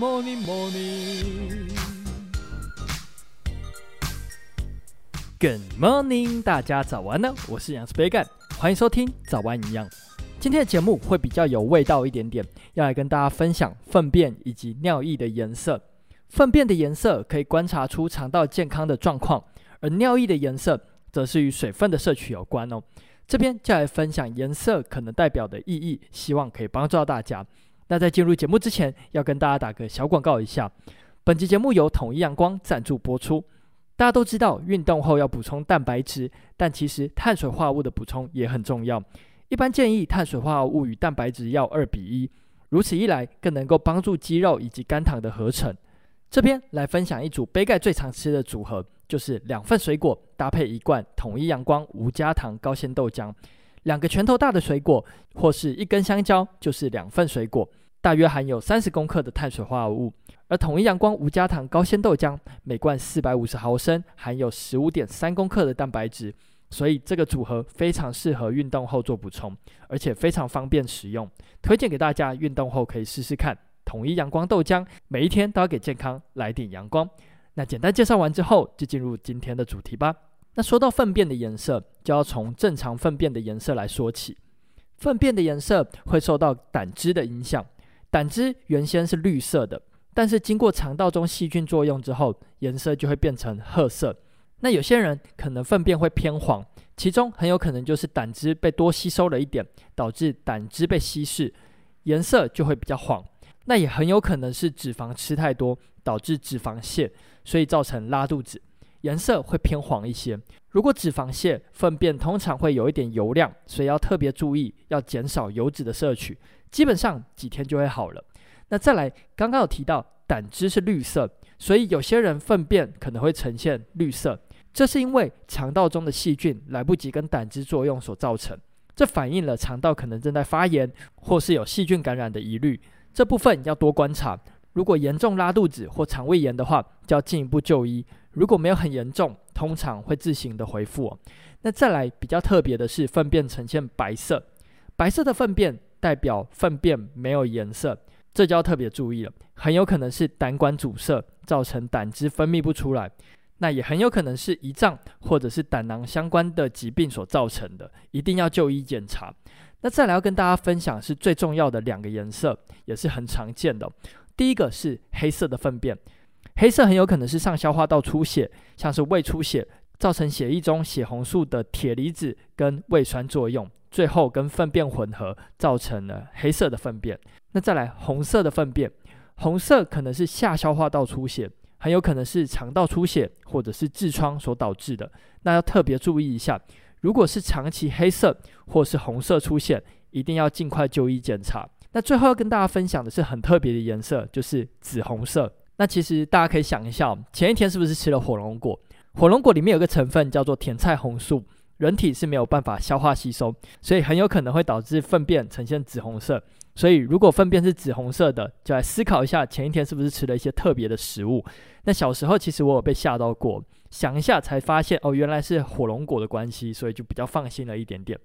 Morning, morning. Good morning, 大家早安呢！我是營養師杯蓋，歡迎收聽早安營養。今天的節目會比較有味道一點點，要來跟大家分享糞便以及尿液的顏色。糞便的顏色可以觀察出腸道健康的狀況，而尿液的顏色則是與水分的攝取有關哦。這邊就來分享顏色可能代表的意義，希望可以幫助到大家。那在進入節目之前，要跟大家打個小廣告一下，本集節目由統一陽光贊助播出。大家都知道運動後要補充蛋白質，但其實碳水化合物的補充也很重要。一般建議碳水化合物與蛋白質要二比一，如此一來更能夠幫助肌肉以及肝糖的合成。這邊來分享一組杯蓋最常吃的組合，就是兩份水果搭配一罐統一陽光無加糖高纖豆漿。兩個拳頭大的水果，或是一根香蕉，就是兩份水果，大約含有三十公克的碳水化合物。而統一陽光無加糖高纖豆漿，每罐四百五十毫升，含有十五點三公克的蛋白質。所以這個組合非常適合運動後做補充，而且非常方便食用，推薦給大家，運動後可以試試看。統一陽光豆漿，每一天都要給健康來點陽光。那簡單介紹完之後，就進入今天的主題吧。那說到糞便的顏色，就要從正常糞便的顏色來說起。糞便的顏色會受到膽汁的影響，膽汁原先是綠色的，但是經過腸道中細菌作用之後，顏色就會變成褐色。那有些人可能糞便會偏黃，其中很有可能就是膽汁被多吸收了一點，導致膽汁被稀釋，顏色就會比較黃。那也很有可能是脂肪吃太多，導致脂肪瀉，所以造成拉肚子。顏色會偏黃一些。如果脂肪瀉，糞便通常會有一點油亮，所以要特別注意，要減少油脂的攝取。基本上幾天就會好了。那再來，剛剛有提到膽汁是綠色，所以有些人糞便可能會呈現綠色，這是因為腸道中的細菌來不及跟膽汁作用所造成。這反映了腸道可能正在發炎，或是有細菌感染的疑慮。這部分要多觀察。如果嚴重拉肚子或腸胃炎的話，就要進一步就醫。如果沒有很嚴重，通常會自行的恢復哦。那再來比較特別的是，糞便呈現白色。白色的糞便代表糞便沒有顏色，這就要特別注意了，很有可能是膽管阻塞，造成膽汁分泌不出來，那也很有可能是胰臟或者是膽囊相關的疾病所造成的，一定要就醫檢查。那再來要跟大家分享是最重要的兩個顏色，也是很常見的哦。第一個是黑色的糞便。黑色很有可能是上消化道出血，像是胃出血，造成血液中血紅素的鐵離子跟胃酸作用，最後跟糞便混合，造成了黑色的糞便。那再來紅色的糞便，紅色可能是下消化道出血，很有可能是腸道出血或者是痔瘡所導致的。那要特別注意一下，如果是長期黑色或是紅色出血，一定要盡快就醫檢查。那最後要跟大家分享的是很特別的顏色，就是紫紅色。那其實大家可以想一下，前一天是不是吃了火龍果？火龍果裡面有個成分叫做甜菜紅素，人體是沒有辦法消化吸收，所以很有可能會導致糞便呈現紫紅色。所以如果糞便是紫紅色的，就來思考一下前一天是不是吃了一些特別的食物。那小時候其實我有被嚇到過，想一下才發現哦，原來是火龍果的關係，所以就比較放心了一點點。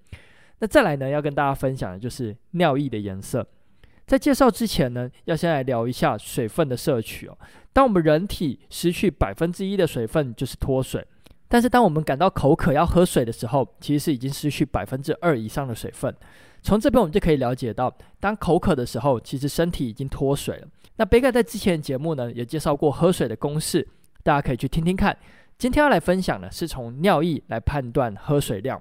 那再來呢，要跟大家分享的就是尿液的顏色。在介紹之前呢，要先來聊一下水分的攝取哦。當我們人體失去百分之一的水分，就是脫水，但是當我們感到口渴要喝水的時候，其實是已經失去百分之二以上的水分。從這邊我們就可以了解到，當口渴的時候，其實身體已經脫水了。那杯蓋在之前的節目呢，也介紹過喝水的公式，大家可以去聽聽看。今天要來分享的是從尿液來判斷喝水量。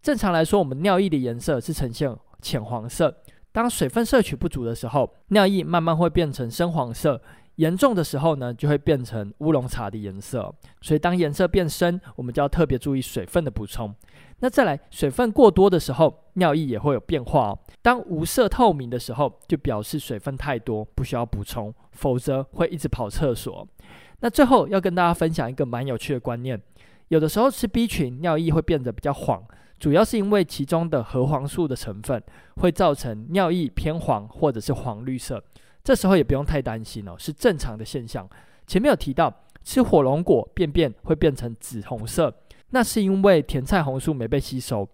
正常來說，我們尿液的顏色是呈現淺黃色。當水分攝取不足的時候，尿液慢慢會變成深黃色，嚴重的時候呢，就會變成烏龍茶的顏色。所以當顏色變深，我們就要特別注意水分的補充。那再來，水分過多的時候，尿液也會有變化哦。當無色透明的時候，就表示水分太多，不需要補充，否則會一直跑廁所。那最後要跟大家分享一個蠻有趣的觀念。有的時候吃 B 群，尿液會變得比較黃，主要是因為其中的核黃素的成分會造成尿液偏黃或者是黃綠色，這時候也不用太擔心哦，是正常的現象。前面有提到吃火龍果，便便會變成紫紅色，那是因為甜菜紅素沒被吸收，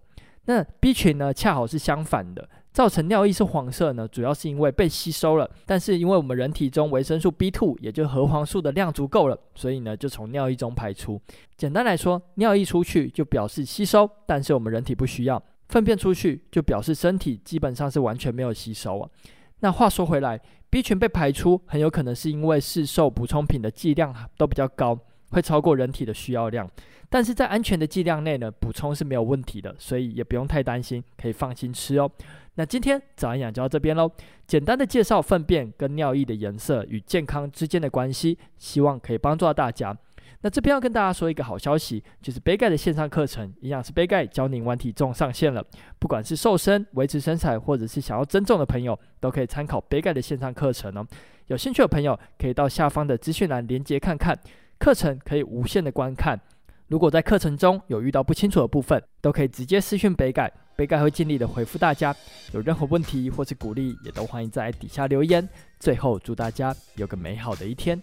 那 B 群呢恰好是相反的。造成尿液是黃色呢，主要是因為被吸收了，但是因為我們人體中維生素 B2，也就核黃素的量足夠了，所以呢就從尿液中排出。簡單來說，尿液出去就表示吸收，但是我們人體不需要；糞便出去就表示身體基本上是完全沒有吸收啊。那話說回來，B 群被排出，很有可能是因為市售補充品的劑量都比較高。會超過人體的需要量，但是在安全的劑量內呢，補充是沒有問題的，所以也不用太擔心，可以放心吃哦。那今天早安營養就到這邊嘍，簡單的介紹糞便跟尿液的顏色與健康之間的關係，希望可以幫助到大家。那這邊要跟大家說一個好消息，就是杯蓋的線上課程《營養師杯蓋教您玩體重》上線了，不管是瘦身、維持身材，或者是想要增重的朋友，都可以參考杯蓋的線上課程哦。有興趣的朋友可以到下方的資訊欄鏈接看看。課程可以無限的觀看，如果在課程中有遇到不清楚的部分，都可以直接私訊杯蓋，杯蓋會盡力的回復大家。有任何問題或是鼓勵，也都歡迎在底下留言。最後，祝大家有個美好的一天。